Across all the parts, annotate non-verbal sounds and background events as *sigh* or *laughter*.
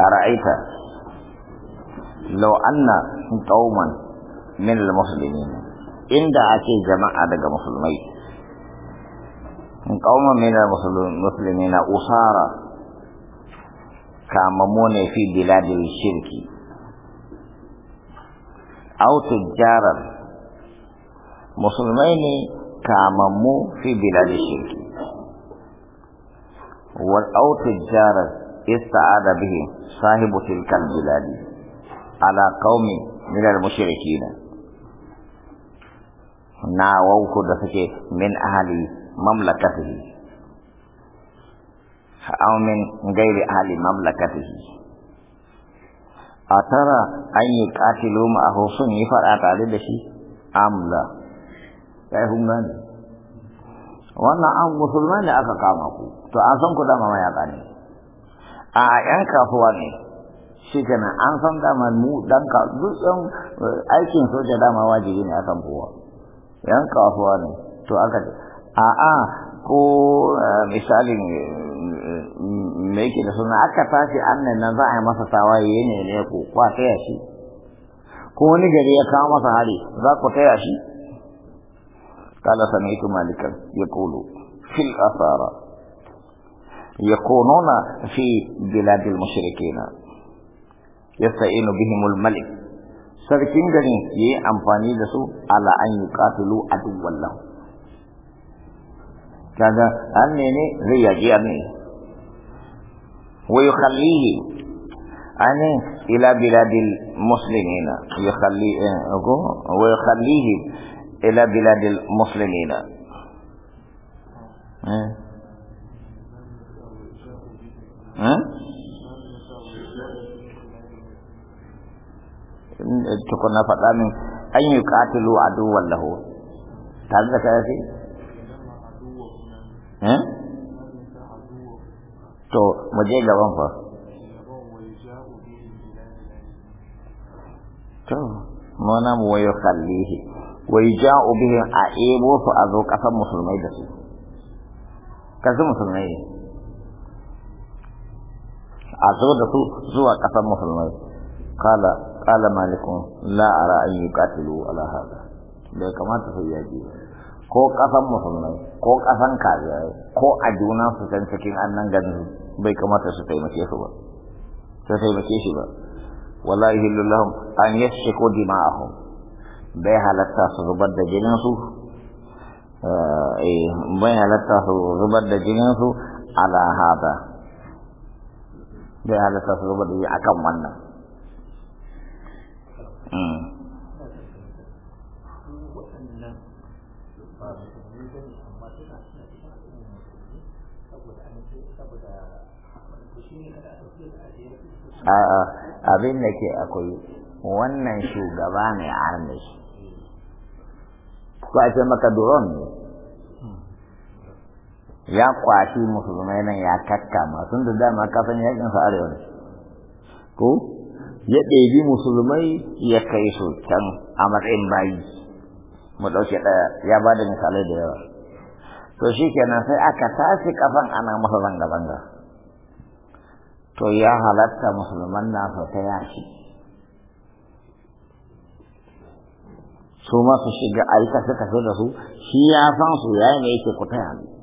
ara'aita law anna qauman min al-muslimin inda ake jama'a daga musulmai qauman min al-muslimin usara kama mone fi biladil shirki aw tujjaran musulmai ne kama mu fi biladil shirki wal aw tujjaran ista'ada bihi sahibu tilkal biladi ala qaumi min al mushrikin na wa da suke min ahli mamlakatihi aw min ghairi ahli mamlakatihi atara an yuqatilu ma ahu sun yifara tare da shi amla kai hunan wannan an musulmani aka kama ku to an san ku da mamaya ka ne a yan kasuwa ne shi kenan an san dama mu dan ka duk eh, aikin soja dama wajibi ne akan kowa yan kasuwa ne to aka ce a a ko eh, misalin eh, me yake da suna aka tashi annan nan za a yi masa tawaye ne ne ko kwa taya shi ko wani gari ya kawo masa hari za ku taya shi kala سمعت مالكا يقول fil asara يكونون في بلاد المشركين يستعين بهم الملك sarkin gari ya yi amfani da su ala an yi a duk wallon kaga an zai yaƙi ne wa yi khallihi ila biladil muslimina ya khalli wa ila biladil muslimina tukun faɗa min an yi katilu a duwan lahu tare da kaya to mu je gaban fa to mana mu wayo kallihi wai ja ubihin a ebo su a zo kasan musulmai da su kasu musulmai ne عزود سوى قسم مسلمين قال قال مالك لا أرى أن يقاتلوا على هذا لا كما تفي يجي كو قسم مسلمين كو قسم كاذب كو أجونا سكين سكين أن نجد بي كما تسكي مسيح سوى تسكي مسيح سوى ولا يهل لهم أن يسكوا دماءهم بي حالتا سببت جنسو آه، ايه بي حالتا سببت جنسو على هذا ya halatta su zuba da yi akan wannan hmm. abin da ke akwai wannan shugaba ne ko a ce maka duron ne ya kwashi musulmai nan ya kakkama masu da dama kafin yakin sa arewa ne ko ya ɗebi musulmai ya kai su can a matsayin bayi mu ɗauke ɗaya ya ba da misalai da yawa to shi kenan sai aka tashi kafan ana masa zanga-zanga to ya halatta musulman na su ta yashi su masu su shiga aika suka fi da su shi ya san su ya yi mai yake ku ta yanzu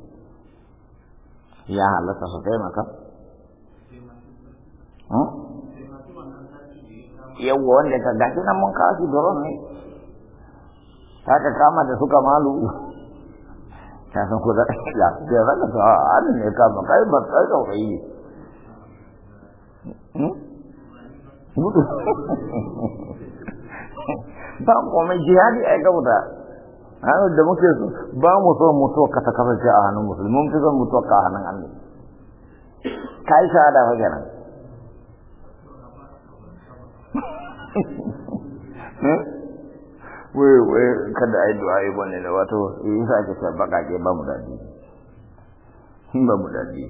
ya halatta su taimaka yawwa wanda ta gashi nan mun kawo shi doron ne ta ka kama da suka malu ta san ku da ya da zaka ta an ah, ne ka kai ba kai ka wai hmm? *laughs* ba komai jihadi ai wuta hannun da muke su ba mu so mutuwa ka ta shi a hannun musulmi mun fi son mutuwa ka a hannun Allah ka yi da fa gina. *laughs* wai wai kada yi du'a yi bane da wato yi sa ke sa ke ba mu dadi ba mu dadi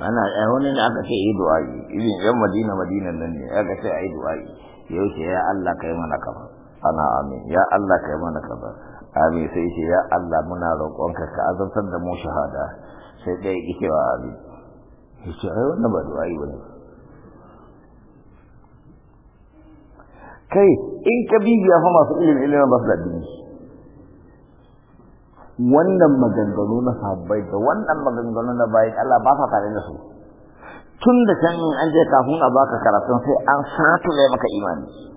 ana ai wani ne aka ce yi du'a yi irin yan Madina Madina nan ne aka ce a yi du'a yi yau ce ya Allah kai mana kama? ana amin ya Allah kai mana kama. amin sai ce ya Allah muna roƙonka ka azabtar da mu shahada sai ɗaya ya wa amin ya ai wannan ba da ba ne kai in ka bi ya fa masu ilimin ilimin ba su da dini wannan maganganu na sahabbai da wannan maganganu na bayan Allah ba sa tare da su tun da can an je kafin a baka karatun sai an ne maka imani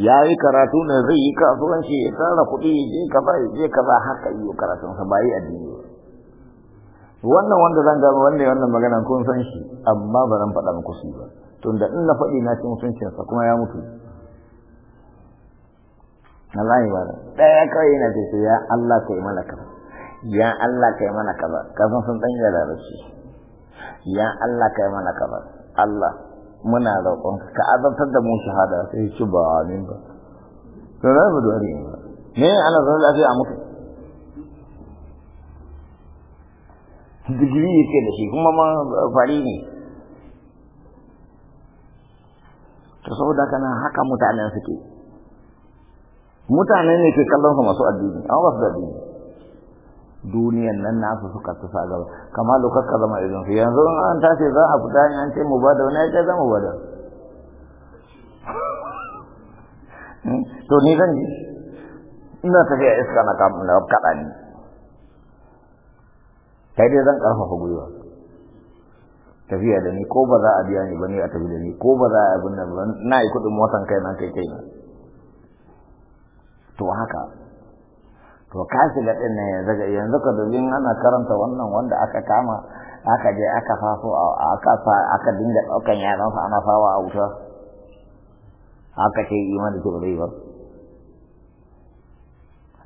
ya yi karatu ne zai yi kasuwanci ya tara kuɗi ya je kaza ya je kaza haka yi wa karatunsa ba yi addini ba wannan wanda zan gano wanda wannan magana kun san shi amma ba zan faɗa muku su ba tunda in na faɗi na ci mutuncinsa kuma ya mutu Na Allah ba da ɗaya kawai yana ce ya Allah kai mana kaza ya Allah kai mana kaza san sun ɗan yara da shi ya Allah kai mana kaza Allah muna roƙon ka azabtar da mu shahada sai ci ba amin ba to na ba dole ba me ana zan lafiya a mutu digiri yake da shi kuma ma fari ne to saboda kana haka mutanen suke mutanen ne ke kallon su masu addini amma ba su da addini duniyan nan nasu suka tufa gaba kamar lokar ka zama idan su yanzu an tashi za a fita an ce mu bada wani ya zama mu bada to ni zan ji ina tafiya iska na kaɗa ni kai dai zan ƙarfafa gwiwa tafiya da ni ko ba za a biya ni ba ne a tafi da ni ko ba za a abin nan ba na yi kuɗin motan kai na kai kai na to haka to ka ga din ne yanzu ka domin ana karanta wannan wanda aka kama aka je aka fafo aka fa aka dinga ɗaukan yaransa ana fawa a wuta aka ce imani ce ba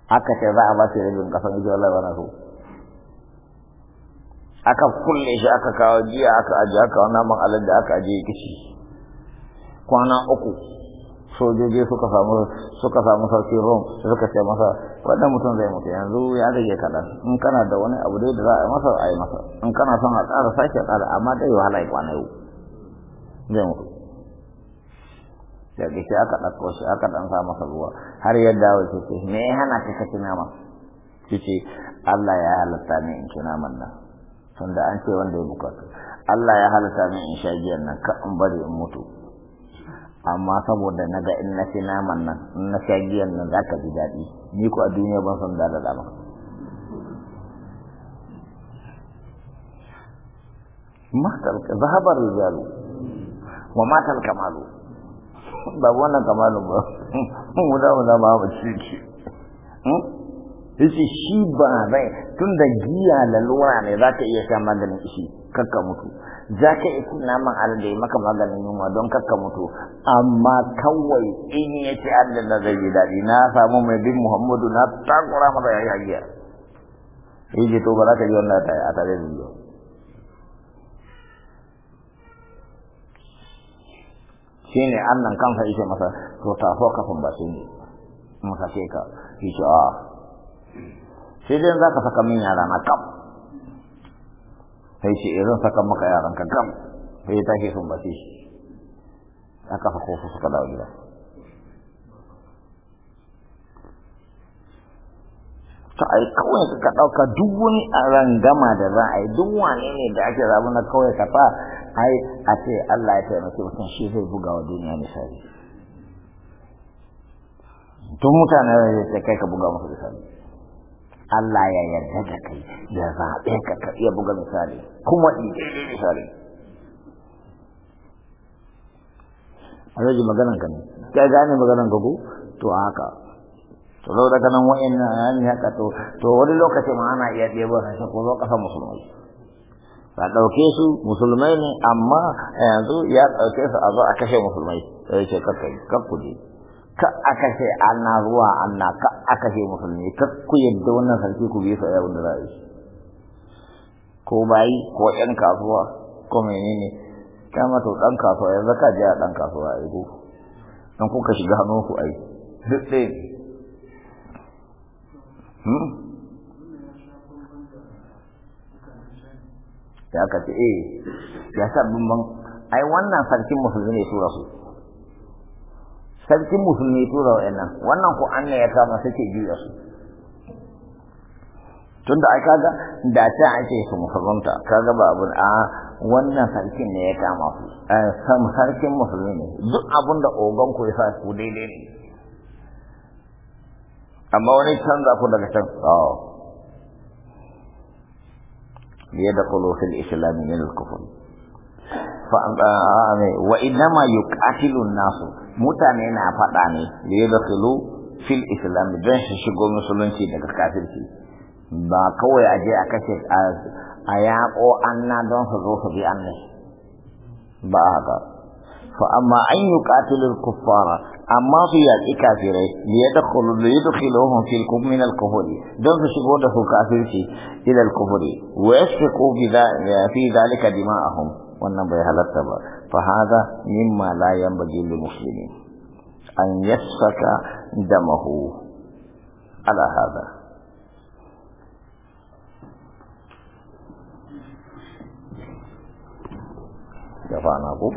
ba aka ce za a ba shi rabin kasan ji Allah bana so aka kulle shi aka kawo jiya aka aje aka wannan man alal da aka aje kishi kwana uku sojoji suka samu suka samu sarki rom suka ce masa wannan mutum zai mutu yanzu ya rage kaɗan in kana da wani abu dai da za a yi masa a yi masa in kana son a ƙara sake ƙara amma dai wahala ya kwana yau zai mutu daga shi aka ɗauko shi aka ɗan sa masa ruwa har ya dawo ce ce me ya hana ka kaci nama ce ce Allah ya halatta ni in ci naman nan tunda an ce wanda ya bukatu Allah ya halatta ni in sha giyan nan ka in bari in mutu amma saboda na ga in na fi naman nan in na sha giyan nan za ka ji daɗi ni ko a duniya ban san da dama matal zahabar rijalu wa matal kamalu ba wannan kamalu ba mu da mu ba shi ci hmm? ci yace shi ba zai tun da giya lalura ne za ka iya sha maganin shi kakka mutu za ka iya cin naman alade da maka maganin yunwa don kakka mutu amma kawai in ya ci aljanna zai daɗi na samu mai bin muhammadu na takura masa ya yi hajiya sai ji to ba za ka wannan a tare da yau shi ne annan kansa masa to kafin ba sun yi masa ce a ah. sai dai za ka saka min yara na sai ce irin eh, sakan maka yaran ka gam sai ya tashi sun bace shi aka fa kofu suka dawo gida ta ai kawai ka ɗauka duk wani rangama da za a yi duk wane ne da ake zaɓi na kawai ka fa ai a ce Allah ya taimaki mutum shi zai buga wa duniya misali tun mutane zai ce kai ka buga musu misali Allah ya yarda da kai ya zaɓe ka ka iya buga misali kuma ɗiɗe misali a zai maganan ka ne ka gane maganan ka ko to haka to zo daga nan wa'in na nan haka to to wani lokaci ma ana iya ɗebo sa ko zo ƙasa musulmai ba ɗauke su musulmai ne amma yanzu ya ɗauke su a zo a kashe musulmai sai ce kakkai kakkuje ka a kashe ana zuwa ana ka aka ce musulmi ta ku yadda wannan sarki ku biye sa wanda za'a yi ko bayi ko ƴan kasuwa ko mene ne? kama to ɗan kasuwa yanzu ka je a ɗan kasuwa a yi ko don kuka shiga hannun ku ai. yi duk ɗaya hmm? ya ka ce eh ya sa bambam ai wannan sarkin musulmi ne su rasu sarkin musulmi tura wa'annan wannan ko an ya kama suke juya su tunda aka ga da ta ake su musulunta kaga ba abin a wannan sarkin ne ya kama su sarkin musulmi ne duk abin da ogon ku ya sa ku daidai ne amma wani canza ku daga can tsawo ya da kulofin islami ne da Ah, ah, wa innama yuqatilu nasu mutane na fada ne da ya dakhilu fil islam don su shigo musulunci daga kafirci ba kawai aje a kashe a yaƙo anna don su zo su bi annai ba haka fa amma an yuqatilu kuffara amma su yaƙi kafirai da ya dakhilu da ya dakhiluhum fil min al don su shigo da su kafirci ila al kufuri wa yasfiqu fi dhalika dima'ahum wannan bai halatta ba fa hada mimma la yanbaghi lil muslimin an yasfaka damahu ala hada gaba na ku